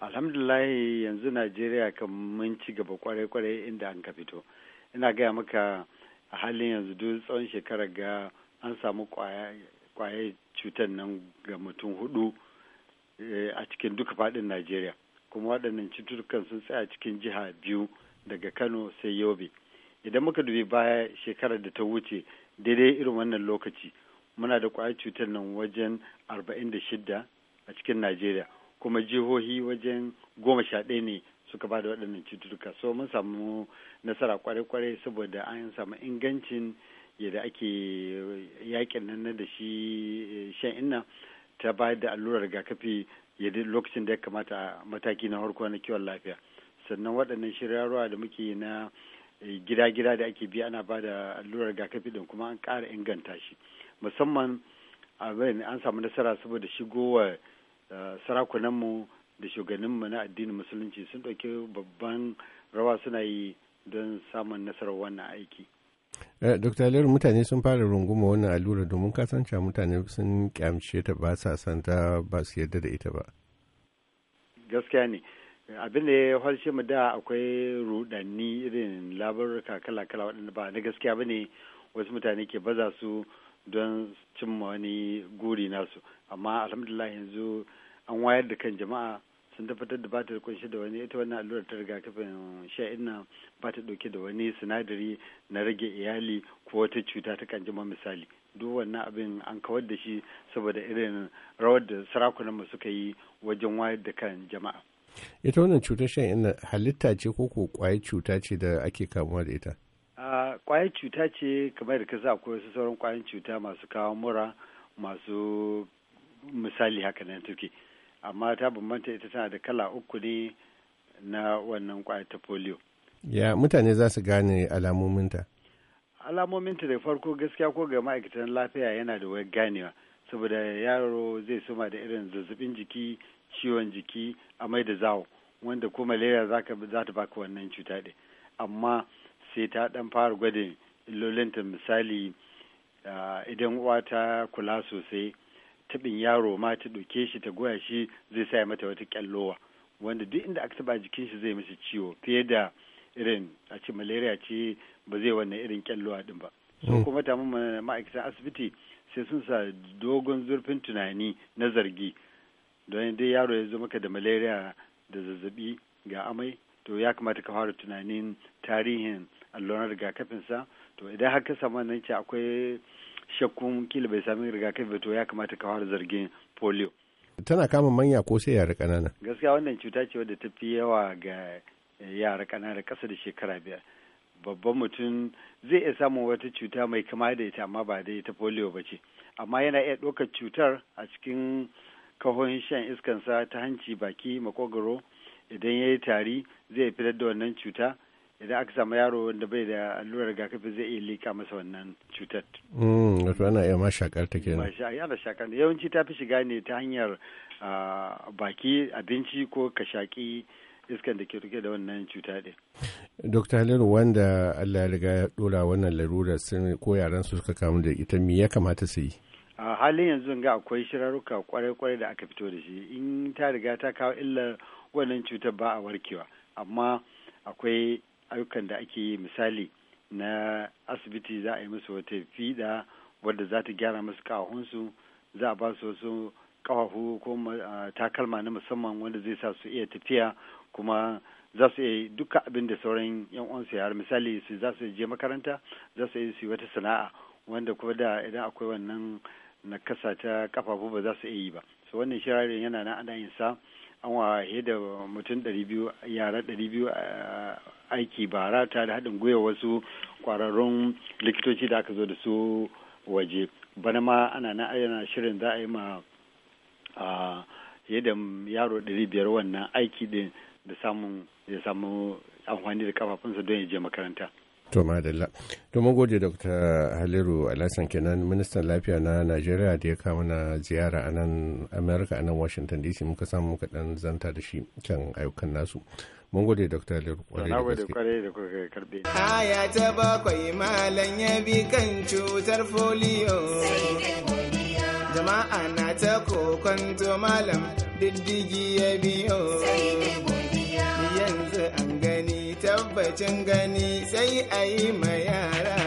alhamdulillah yanzu najeriya kan mun ci gaba kware kwarai inda an ka fito ina gaya maka a halin yanzu duk tsawon shekarar ga an samu kwaye cutar nan ga mutum hudu eh, a cikin duka fadin najeriya kuma waɗannan cututtukan sun tsaya cikin jiha biyu daga kano sai yobe idan muka dubi baya shekarar da ta wuce daidai irin wannan lokaci muna da kwayar cutar nan wajen arba'in da shidda a cikin najeriya kuma jihohi wajen goma sha ɗaya ne suka ba da waɗannan cututtuka so mun samu nasara kwarai-kwarai saboda an samu ingancin yadda ake yakin nan da shi eh, shan inna ta ba da allurar rigakafi yadda lokacin da ya kamata mataki na farko na kiwon lafiya sannan waɗannan shirarwa da muke na eh, gida-gida da ake bi ana ba da allurar rigakafi din kuma an ƙara inganta shi musamman an samu nasara saboda shigowa sarakunanmu da shugabanninmu na addinin musulunci sun ɗauki babban rawa suna yi don samun nasarar wannan aiki. Eh, Dr. Leru mutane sun fara runguma wannan allura domin kasance mutane sun kyamce ta ba sa ta ba su yarda da ita ba. Gaskiya ne. abin da ya halshe mu da akwai rudanni irin labarurka kala-kala waɗanda ba na gaskiya ba ne wasu mutane ke baza su don cimma wani guri nasu amma alhamdulillah yanzu an wayar da kan jama'a sun tabbatar da ba ta kunshi da wani ita wannan allurar ta rigakafin sha'in nan ba ta dauke da wani sinadari na rage iyali ko wata cuta ta kanjima misali duk wannan abin an kawar da shi saboda irin rawar da sarakunan mu suka yi wajen wayar da kan jama'a ita wannan cutar sha'in halitta ce ko ko kwayar cuta ce da ake kamuwa da ita kwayar cuta ce kamar da kasa akwai wasu sauran kwayar cuta masu kawo mura masu misali haka nan take amma ta bambanta ita tana da kala uku ne na wannan kwayar ta polio ya mutane za su gane alamominta alamominta da farko gaskiya ko ga ma'aikatan lafiya yana da wayar ganewa saboda yaro zai suma da irin zazzabin jiki ciwon jiki amai da zawo wanda ko malaria za ta baka wannan cuta ɗin amma sai ta ɗan fara gwadin illolinta misali idan uwa ta kula sosai tabin yaro ma ta ɗauke shi ta goya shi zai sa mata wata kyallowa wanda duk inda aka taɓa jikin shi zai mishi ciwo fiye da irin a ce malaria ce ba zai wannan irin kyallowa din ba so mm. kuma ta ma'aikatan asibiti sai sun sa dogon zurfin tunani na zargi don dai yaro ya zo maka da malaria da zazzabi ga amai to ya kamata ka fara tunanin tarihin alluran rigakafinsa to idan har ka samu nan ce akwai shakkun kila bai sami rigakafi ba to ya kamata ka fara zargin polio tana kama manya ko sai yara ƙanana gaskiya wannan cuta ce wadda ta fi yawa ga yara ƙanana ƙasa da shekara biyar babban mutum zai iya samun wata cuta mai kama da ita amma ba da ita polio ba ce amma yana iya ɗaukar cutar a cikin kahon shan iskansa ta hanci baki makogaro idan ya yi tari zai fitar da wannan cuta idan aka samu yaro wanda bai da allurar rigakafi zai iya lika masa wannan cutar. Mm, wato ana iya ma shakar ta kenan. ana shakar yawanci ta fi shiga ne ta hanyar baki abinci ko ka shaki iskan da ke rike da wannan cuta ɗin. Dokta Halilu wanda Allah ya riga ya ɗora wannan larurar sun ko yaran su suka kamu da ita me ya kamata su yi? halin yanzu ga akwai shirarruka kwarai-kwarai da aka fito da shi in ta riga ta kawo illar wannan cutar ba a warkewa amma akwai ayyukan da ake yi misali na asibiti za a yi musu wata fiɗa wadda za ta gyara musu ƙahunsu za a ba su wasu ƙafafu ko takalma na musamman wanda zai sa su iya tafiya kuma za su iya duka abin da sauran yan uwansu yara misali su za su je makaranta za su iya su yi wata sana'a wanda kuma da idan akwai wannan na nakasa ta kafafu ba za su iya yi ba so wannan shirin yana na ana yin sa an wahe da mutum biyu yara biyu aiki bara ta da haɗin gwiwa wasu kwararrun likitoci da aka zo da su waje bana ma ana na ayyana shirin za a yi ma yadda yaro biyar wannan aiki din da samun ya samu amfani da kafafunsa don ya je makaranta. To madalla. To mun gode Dr. Haliru Alhassan kenan ministan lafiya na Najeriya da ya kawo na ziyara a nan Amerika a nan Washington DC muka samu muka dan zanta da shi kan ayyukan nasu. Mun gode Dr. Haliru kwarai da gaske. kwarai da karbe. Aya ta bakwai malam ya bi kan cutar folio. Jama'a na ta kokon malam diddigi ya biyo. Sai tabbacin gani sai a yi ma yara